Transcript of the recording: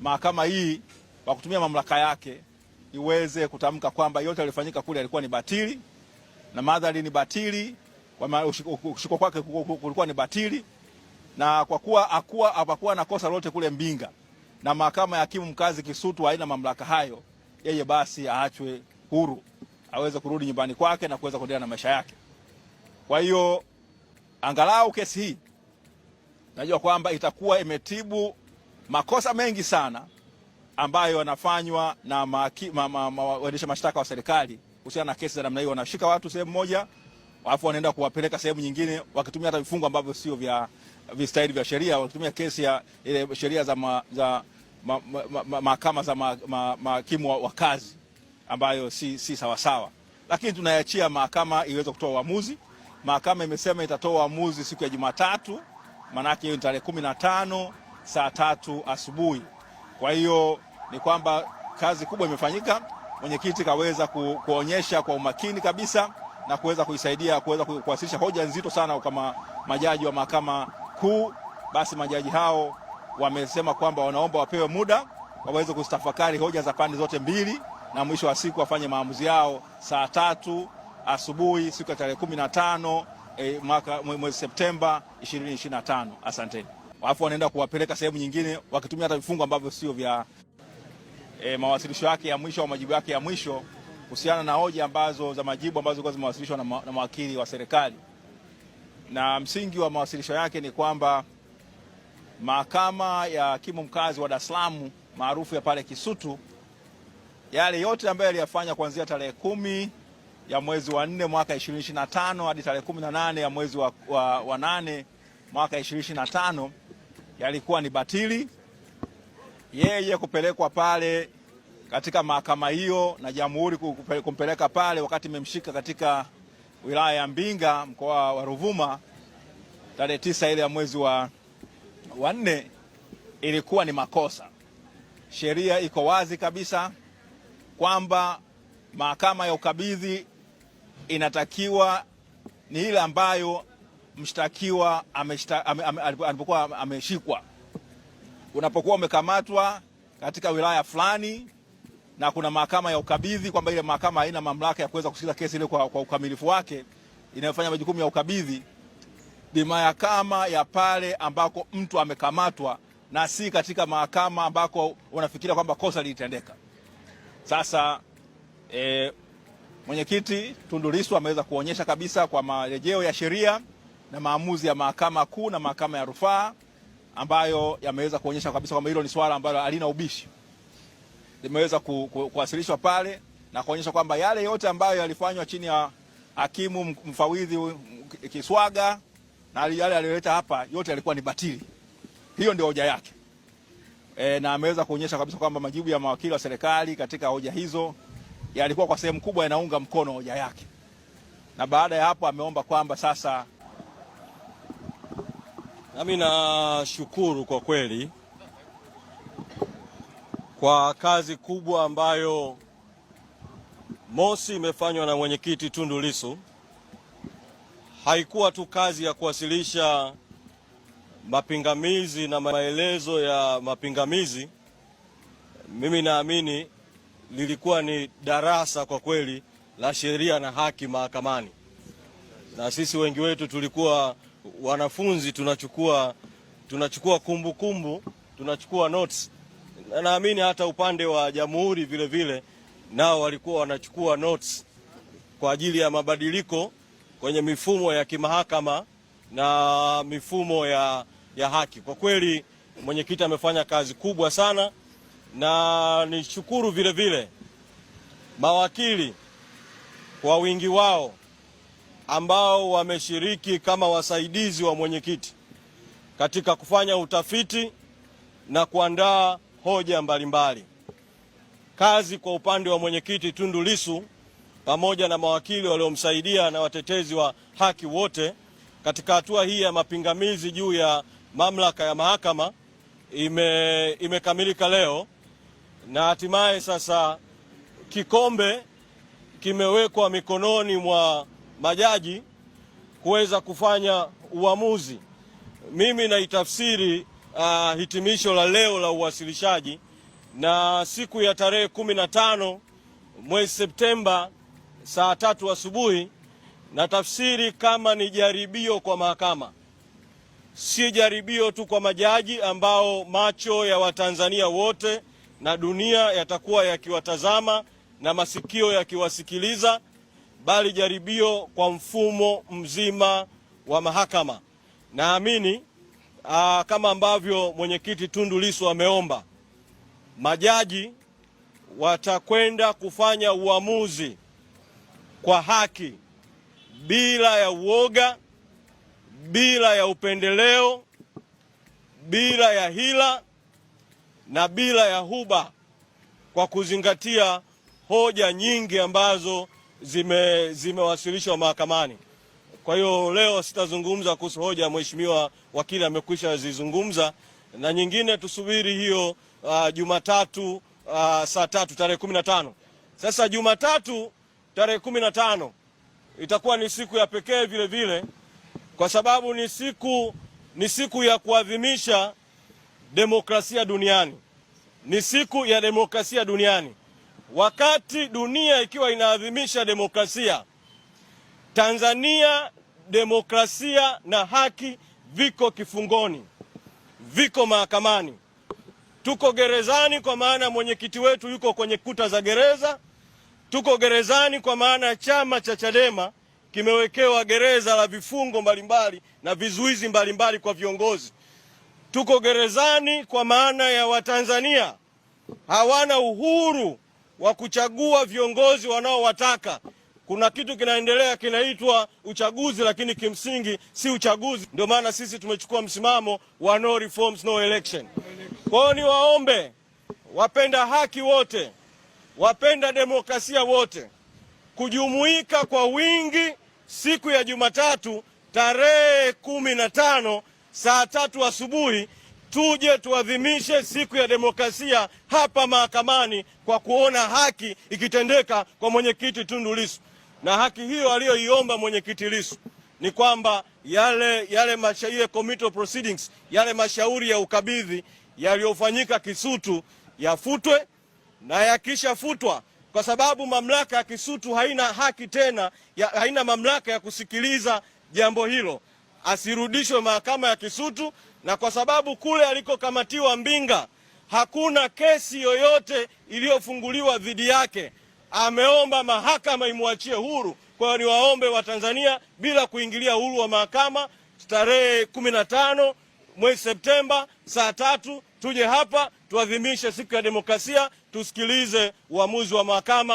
mahakama hii kwa kutumia mamlaka yake iweze kutamka kwamba yote yaliyofanyika kule yalikuwa ni batili na madhari ni batili, kushikwa kwake kulikuwa ni batili, na kwa kuwa akuwa hapakuwa na kosa lolote kule Mbinga na mahakama ya hakimu mkazi Kisutu haina mamlaka hayo, yeye basi aachwe huru aweze kurudi nyumbani kwake na kuweza kuendelea na maisha yake. Kwa hiyo angalau kesi hii najua kwamba itakuwa imetibu makosa mengi sana ambayo yanafanywa na waendesha mashtaka wa serikali kuhusiana na kesi za namna hiyo. Wanashika watu sehemu moja, alafu wanaenda kuwapeleka sehemu nyingine, wakitumia hata vifungo ambavyo sio vya vistahili vya sheria, wakitumia kesi ya ile sheria za mahakama ma, ma, ma, ma, za mahakimu ma, wa, wa kazi ambayo si, si sawasawa, lakini tunayachia mahakama iweze kutoa uamuzi. Mahakama imesema itatoa uamuzi siku ya Jumatatu, maanake hiyo ni tarehe kumi na tano saa tatu asubuhi. Kwa hiyo ni kwamba kazi kubwa imefanyika, mwenyekiti kaweza ku, kuonyesha kwa umakini kabisa na kuweza kuisaidia kuweza kuwasilisha hoja nzito sana kama majaji wa mahakama kuu. Basi majaji hao wamesema kwamba wanaomba wapewe muda waweze kustafakari hoja za pande zote mbili na mwisho wa siku wafanye maamuzi yao saa tatu asubuhi siku ya tarehe kumi na tano eh, mwezi Septemba 2025. Asanteni alafu wanaenda kuwapeleka sehemu nyingine wakitumia hata vifungo ambavyo sio vya e, mawasilisho yake ya mwisho au majibu yake ya mwisho kuhusiana na hoja ambazo za majibu ambazo zilikuwa zimewasilishwa na, ma, na mawakili wa serikali. Na msingi wa mawasilisho yake ni kwamba mahakama ya hakimu mkazi wa Dar es Salaam maarufu ya pale Kisutu, yale yote ambayo aliyafanya kuanzia tarehe kumi ya mwezi wa nne mwaka 2025 hadi tarehe 18 ya mwezi wa, wa, wa nane mwaka 2025 yalikuwa ni batili. Yeye kupelekwa pale katika mahakama hiyo na jamhuri kumpeleka pale wakati imemshika katika wilaya ya Mbinga mkoa wa Ruvuma tarehe tisa ile ya mwezi wa nne ilikuwa ni makosa. Sheria iko wazi kabisa kwamba mahakama ya ukabidhi inatakiwa ni ile ambayo mshtakiwa alipokuwa ameshikwa. Unapokuwa umekamatwa katika wilaya fulani na kuna mahakama ya ukabidhi, kwamba ile mahakama haina mamlaka ya kuweza kusikiliza kesi ile kwa, kwa ukamilifu wake, inayofanya majukumu ya ukabidhi ni mahakama ya pale ambako mtu amekamatwa na si katika mahakama ambako unafikiria kwamba kosa lilitendeka. Sasa e, mwenyekiti Tundu Lissu ameweza kuonyesha kabisa kwa marejeo ya sheria na maamuzi ya mahakama kuu na mahakama ya rufaa ambayo yameweza kuonyesha kabisa kwamba hilo ni swala ambalo halina ubishi, limeweza ku, ku, kuwasilishwa pale na kuonyesha kwamba yale yote ambayo yalifanywa chini ya hakimu mfawidhi Kiswaga na yale aliyoleta hapa yote yalikuwa ni batili. Hiyo ndio hoja yake e, na ameweza kuonyesha kabisa kwamba majibu ya mawakili wa serikali katika hoja hizo yalikuwa kwa sehemu kubwa yanaunga mkono hoja yake, na baada ya hapo ameomba kwamba sasa Nami nashukuru kwa kweli kwa kazi kubwa ambayo mosi imefanywa na mwenyekiti Tundu Lissu. Haikuwa tu kazi ya kuwasilisha mapingamizi na maelezo ya mapingamizi, mimi naamini lilikuwa ni darasa kwa kweli la sheria na haki mahakamani, na sisi wengi wetu tulikuwa wanafunzi tunachukua tunachukua kumbukumbu kumbu, tunachukua notes. Naamini hata upande wa jamhuri vile vile nao walikuwa wanachukua notes kwa ajili ya mabadiliko kwenye mifumo ya kimahakama na mifumo ya, ya haki. Kwa kweli mwenyekiti amefanya kazi kubwa sana, na nishukuru vile vile mawakili kwa wingi wao ambao wameshiriki kama wasaidizi wa mwenyekiti katika kufanya utafiti na kuandaa hoja mbalimbali. Kazi kwa upande wa mwenyekiti Tundu Lissu pamoja na mawakili waliomsaidia na watetezi wa haki wote katika hatua hii ya mapingamizi juu ya mamlaka ya mahakama ime, imekamilika leo na hatimaye sasa kikombe kimewekwa mikononi mwa majaji kuweza kufanya uamuzi. Mimi naitafsiri uh, hitimisho la leo la uwasilishaji na siku ya tarehe kumi na tano mwezi Septemba saa tatu asubuhi na tafsiri kama ni jaribio kwa mahakama, si jaribio tu kwa majaji ambao macho ya Watanzania wote na dunia yatakuwa yakiwatazama na masikio yakiwasikiliza bali jaribio kwa mfumo mzima wa mahakama. Naamini ah, kama ambavyo mwenyekiti Tundu Lissu ameomba, majaji watakwenda kufanya uamuzi kwa haki, bila ya uoga, bila ya upendeleo, bila ya hila na bila ya huba, kwa kuzingatia hoja nyingi ambazo zimewasilishwa zime mahakamani. Kwa hiyo leo sitazungumza kuhusu hoja mheshimiwa wakili amekwisha zizungumza, na nyingine tusubiri hiyo uh, Jumatatu uh, saa tatu tarehe kumi na tano. Sasa Jumatatu tarehe kumi na tano itakuwa ni siku ya pekee vile vile kwa sababu ni siku, ni siku ya kuadhimisha demokrasia duniani, ni siku ya demokrasia duniani. Wakati dunia ikiwa inaadhimisha demokrasia, Tanzania demokrasia na haki viko kifungoni, viko mahakamani, tuko gerezani, kwa maana mwenyekiti wetu yuko kwenye kuta za gereza. Tuko gerezani kwa maana chama cha Chadema kimewekewa gereza la vifungo mbalimbali na vizuizi mbalimbali kwa viongozi. Tuko gerezani kwa maana ya Watanzania hawana uhuru wa kuchagua viongozi wanaowataka. Kuna kitu kinaendelea kinaitwa uchaguzi, lakini kimsingi si uchaguzi. Ndio maana sisi tumechukua msimamo wa no reforms no election. Kwa hiyo niwaombe wapenda haki wote, wapenda demokrasia wote kujumuika kwa wingi siku ya Jumatatu tarehe kumi na tano saa tatu asubuhi tuje tuadhimishe siku ya demokrasia hapa mahakamani kwa kuona haki ikitendeka kwa mwenyekiti Tundu Lissu. Na haki hiyo aliyoiomba mwenyekiti Lissu ni kwamba yale yale mashauri ile committal proceedings yale mashauri ya ukabidhi yaliyofanyika Kisutu yafutwe na yakishafutwa kwa sababu mamlaka ya Kisutu haina haki tena ya, haina mamlaka ya kusikiliza jambo hilo asirudishwe mahakama ya Kisutu, na kwa sababu kule alikokamatiwa Mbinga hakuna kesi yoyote iliyofunguliwa dhidi yake. Ameomba mahakama imwachie huru. Kwa hiyo niwaombe Watanzania bila kuingilia uhuru wa mahakama, tarehe kumi na tano mwezi Septemba saa tatu tuje hapa tuadhimishe siku ya demokrasia, tusikilize uamuzi wa mahakama.